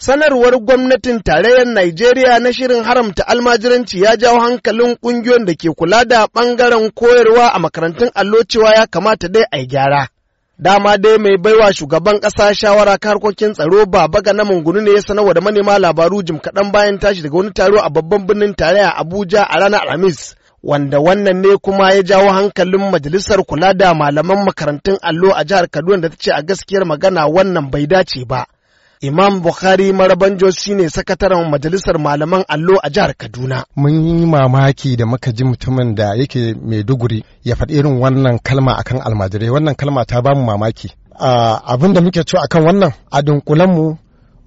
Sanarwar gwamnatin tarayyar Najeriya na shirin haramta almajiranci ya jawo hankalin ƙungiyoyin da ke kula da ɓangaren koyarwa a makarantun allo cewa ya kamata dai a gyara. Dama dai mai baiwa shugaban ƙasa shawara ka harkokin tsaro ba-ba ga na mungunu ne ya sanarwa da manema labaru jim kaɗan bayan tashi daga wani taro a babban birnin tarayya Abuja a ranar Alhamis. wanda wannan ne kuma ya jawo hankalin majalisar kula da malaman makarantun allo a jihar Kaduna da ta ce a gaskiyar magana wannan bai dace ba. Imam Bukhari Marabanjo shine sakataren majalisar malaman allo a jihar Kaduna. Mun yi mamaki da muka ji mutumin da yake Maiduguri ya faɗi irin wannan kalma akan almajirai wannan kalma ta bamu mamaki. Abin da muke cewa akan wannan a dunkulen mu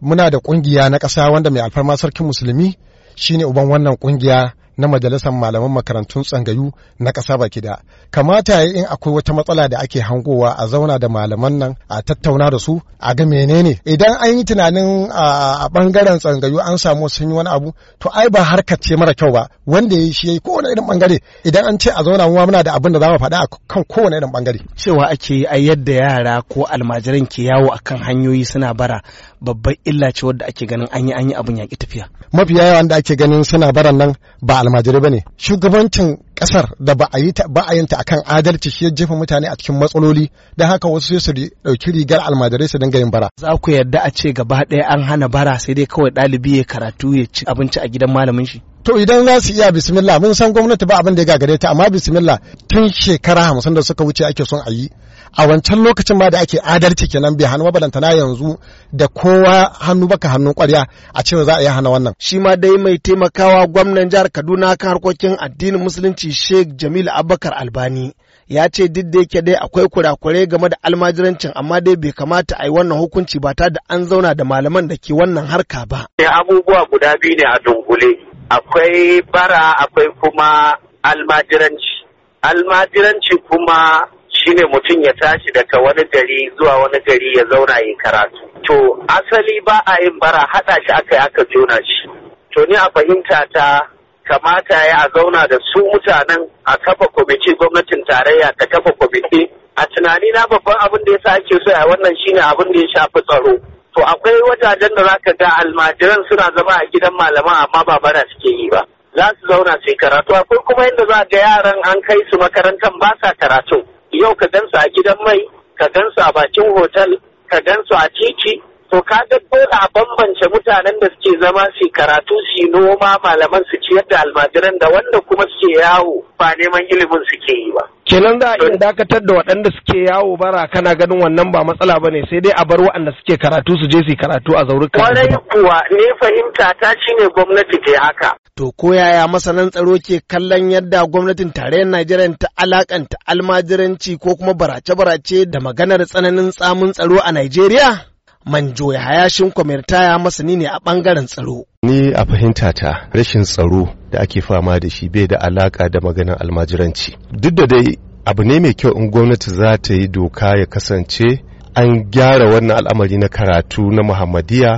muna da ƙungiya na ƙasa wanda mai alfarma sarkin musulmi shine uban wannan ƙungiya. na majalisar malaman makarantun tsangayu na ƙasa baki da kamata ya in akwai wata matsala da ake hangowa a zauna da malaman nan a tattauna da su a ga menene idan an yi tunanin a bangaren tsangayu an samu sun yi wani abu to ai ba harkar ce mara kyau ba wanda ya shi ya yi kowane irin bangare idan an ce a zauna mu muna da abin da za mu faɗa a kan kowane irin bangare cewa ake yi a yadda yara ko almajiran ke yawo akan hanyoyi suna bara babbar illa ce wadda ake ganin an yi an yi abin yaƙi tafiya mafiya yawan da ake ganin suna baran nan ba almajirai ne shugabancin kasar da ba a yi ba a akan adalci shi ya jefa mutane a cikin matsaloli dan haka wasu sai su dauki rigar almajirai su dinga yin bara za ku yarda a ce gaba ɗaya an hana bara sai dai kawai ɗalibi ya karatu ya ci abinci a gidan malamin shi to idan za su iya bismillah mun san gwamnati ba abin da ya gagare ta amma bismillah tun shekara hamsin da suka wuce ake son a yi a wancan lokacin ma da ake adalci kenan bai hannu mabalanta na yanzu da kowa hannu baka hannun kwarya a cewa za a yi hana wannan shi ma dai mai taimakawa gwamnan jihar kaduna kan harkokin addinin musulunci sheikh Jamilu abubakar albani ya ce duk da yake dai akwai kurakure game da almajirancin amma dai bai kamata a yi wannan hukunci ba ta da an zauna da malaman da ke wannan harka ba. abubuwa guda biyu ne a dunkule akwai bara akwai kuma almajiranci almajiranci kuma shi ne mutum ya tashi daga wani gari zuwa wani gari ya zauna yi karatu to asali ba a yin bara haɗa shi aka yi aka jona shi to ni a fahimta ta kamata ya a zauna da su mutanen a kafa kwamiti gwamnatin tarayya ta kafa kwamiti a tunani na babban abin da ya sa ake so a wannan shine abin da ya shafi tsaro to akwai wajajen da za ka ga almajiran suna zama a gidan malaman amma ba bana suke yi ba za su zauna su yi karatu akwai kuma yadda za ga yaran an kai su makarantar ba sa karatu yau ka gansu a gidan mai ka gansu a bakin hotel ka gansu a titi to ka ga dole a bambance mutanen da suke zama su karatu su noma malaman su ciyar da almajiran da wanda kuma suke yawo ba neman ilimin suke yi ba kenan za a iya dakatar da waɗanda suke yawo bara kana ganin wannan ba matsala ba ne sai dai a bar waɗanda suke karatu su je su karatu a zauruka kwarai kuwa ne fahimta ta shine gwamnati ke haka to ko yaya masanan tsaro ke kallon yadda gwamnatin tarayyar Najeriya ta alakanta almajiranci ko kuma barace-barace da maganar tsananin tsamin tsaro a Najeriya manjo hayashin ya masani ne a bangaren tsaro ni a fahimta ta rashin tsaro da ake fama da shi bai da alaka da maganar almajiranci duk da dai abu ne mai kyau in gwamnati za ta yi doka ya kasance an gyara wannan al'amari na karatu na Muhammadiyya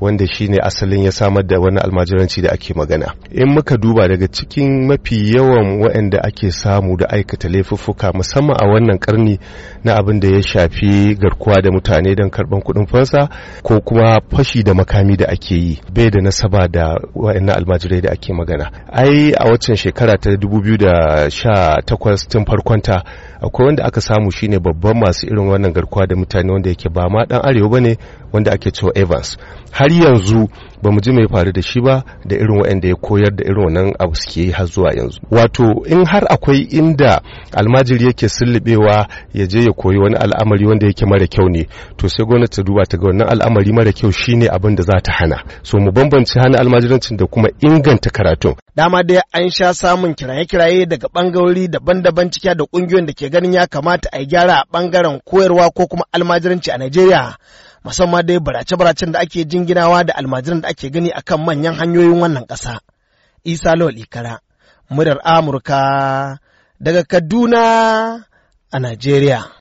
wanda shine asalin ya samar da wani almajiranci da ake magana in muka duba daga cikin mafi yawan waɗanda ake samu da aikata laifuffuka musamman a wannan karni na abin da ya shafi garkuwa da mutane don karɓan kuɗin fansa ko kuma fashi da makami da ake yi bai da nasaba da waɗannan almajirai da ake magana ai a waccan shekara ta 2018 tun farkonta akwai wanda aka samu shine babban masu irin wannan garkuwa da mutane wanda yake ba ma dan arewa ne wanda ake cewa Evans har har yanzu ba mu ji mai faru da shi ba da irin waɗanda ya koyar da irin wannan abu suke yi har zuwa yanzu wato in har akwai inda almajiri yake sullubewa ya je ya koyi wani al'amari wanda yake mara kyau ne to sai gwamnati ta duba ta ga wannan al'amari mara kyau shine abin da za ta hana so mu bambance hana almajirancin da kuma inganta karatu. dama dai an sha samun kiraye-kiraye daga bangarori daban-daban ciki da kungiyoyin da ke ganin ya kamata a yi gyara a bangaren koyarwa ko kuma almajiranci a Najeriya musamman dai barace-baracen da ake jinginawa da almajiran da ake gani a kan manyan hanyoyin wannan ƙasa. Isa Lawal Ikara, murar Amurka daga Kaduna a Najeriya.